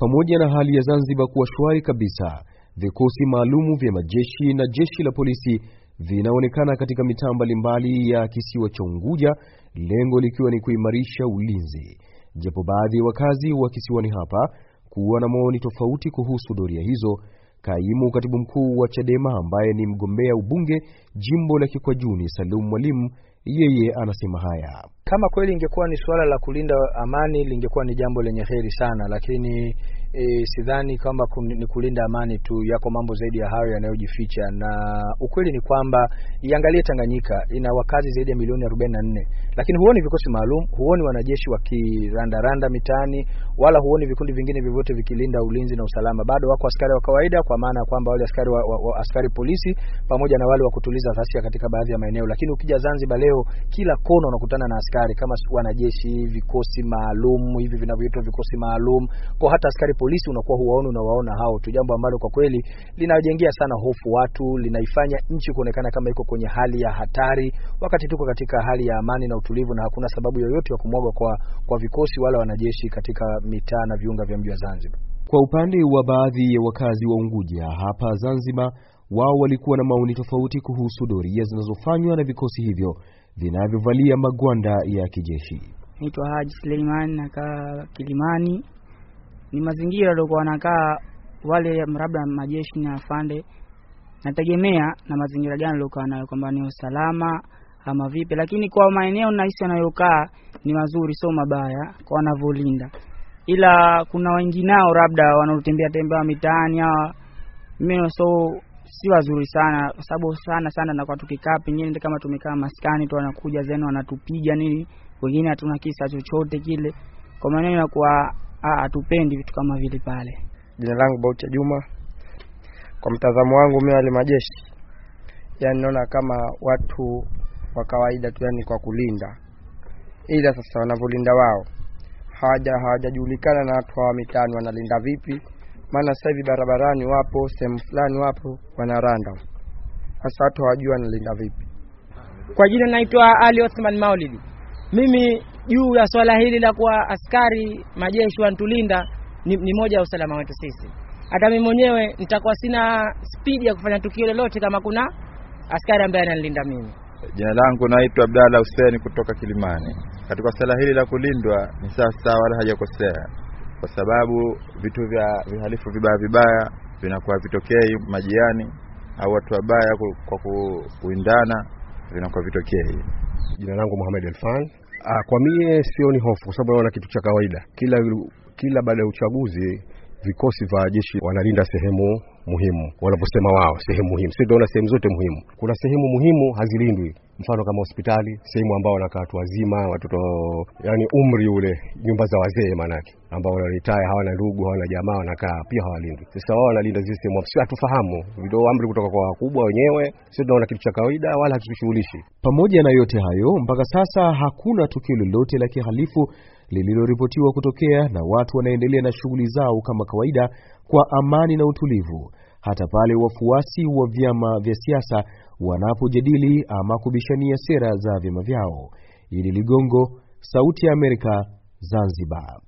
Pamoja na hali ya Zanzibar kuwa shwari kabisa, vikosi maalumu vya majeshi na jeshi la polisi vinaonekana katika mitaa mbalimbali ya kisiwa cha Unguja, lengo likiwa ni kuimarisha ulinzi, japo baadhi ya wakazi wa kisiwani hapa kuwa na maoni tofauti kuhusu doria hizo. Kaimu katibu mkuu wa CHADEMA ambaye ni mgombea ubunge jimbo la Kikwajuni, Salum Mwalimu, yeye anasema haya. Kama kweli ingekuwa ni suala la kulinda amani lingekuwa ni jambo lenye heri sana, lakini e, sidhani kwamba ni kulinda amani tu, yako mambo zaidi ya hayo yanayojificha, na ukweli ni kwamba iangalie Tanganyika ina wakazi zaidi ya milioni nne lakini huoni vikosi maalum, huoni wanajeshi wakirandaranda mitaani, wala huoni vikundi vingine vyovyote vikilinda ulinzi na usalama. Bado wako askari wa kawaida, kwa maana ya kwamba wale askari wa, wa, askari polisi pamoja na wale wa kutuliza ghasia katika baadhi ya maeneo, lakini ukija Zanzibar leo, kila kona unakutana na askari askari kama wanajeshi, vikosi maalum hivi vinavyoitwa vikosi maalum, kwa hata askari polisi unakuwa huwaoni, unawaona hao tu, jambo ambalo kwa kweli linajengea sana hofu watu, linaifanya nchi kuonekana kama iko kwenye hali ya hatari, wakati tuko katika hali ya amani na utulivu, na hakuna sababu yoyote ya kumwaga kwa, kwa vikosi wala wanajeshi katika mitaa na viunga vya mji wa Zanzibar. Kwa upande wa baadhi ya wakazi wa Unguja hapa Zanzibar, wao walikuwa na maoni tofauti kuhusu doria zinazofanywa na vikosi hivyo vinavyovalia magwanda ya kijeshi. Naitwa Haji Suleiman, nakaa Kilimani. Ni mazingira waliokuwa wanakaa wale labda majeshi na afande, nategemea na mazingira gani waliokaa nayo, kwamba ni usalama ama vipi, lakini kwa maeneo nahisi wanayokaa ni mazuri, sio mabaya kwa wanavyolinda, ila kuna wenginao labda wanaotembea tembea mitaani hawa mimi so si wazuri sana, kwa sababu sana sana nakuwa tukikaa pengine kama tumekaa maskani tu, wanakuja zenu wanatupiga nini, wengine hatuna kisa chochote kile, kwa maana inakuwa hatupendi vitu kama vile pale. Jina langu Baucha Juma. Kwa mtazamo wangu mimi, wale majeshi yani naona kama watu wa kawaida tu, yani kwa kulinda, ila sasa wanavyolinda wao hawajajulikana na watu hawa mitaani wanalinda vipi maana sasa hivi barabarani wapo sehemu fulani wapo wanaranda, hasa watu hawajua nalinda vipi. Kwa jina naitwa Ali Othman Maulidi. Mimi juu ya swala hili la kuwa askari majeshi wanatulinda ni, ni moja ya usalama wetu sisi. Hata mimi mwenyewe nitakuwa sina spidi ya kufanya tukio lolote kama kuna askari ambaye ananilinda mimi. Jina langu naitwa Abdalla Hussein kutoka Kilimani. Katika swala hili la kulindwa ni sawa wala hajakosea kwa sababu vitu vya vihalifu vibaya vibaya vinakuwa vitokei majiani au watu wabaya kwa kuindana vinakuwa vitokei. Jina langu Mohamed Elfan. Ah, kwa mie sioni hofu, kwa sababu naona kitu cha kawaida kila kila baada ya uchaguzi vikosi vya jeshi wanalinda sehemu muhimu, wanaposema wao, sehemu muhimu. sio tunaona sehemu zote muhimu, kuna sehemu muhimu hazilindwi, mfano kama hospitali, sehemu ambao wanakaa watu wazima, watoto, yani umri ule, nyumba za wazee manake, ambao wanaritaya, hawana ndugu, hawana jamaa, wanakaa pia hawalindwi. Sasa wao wanalinda zile sehemu, sio hatufahamu, ndio amri kutoka kwa wakubwa wenyewe. Sisi tunaona kitu cha kawaida, wala hatushughulishi. Pamoja na yote hayo, mpaka sasa hakuna tukio lolote la kihalifu lililoripotiwa kutokea na watu wanaendelea na shughuli zao kama kawaida kwa amani na utulivu, hata pale wafuasi wa vyama vya siasa wanapojadili ama kubishania sera za vyama vyao. ili Ligongo, Sauti ya Amerika, Zanzibar.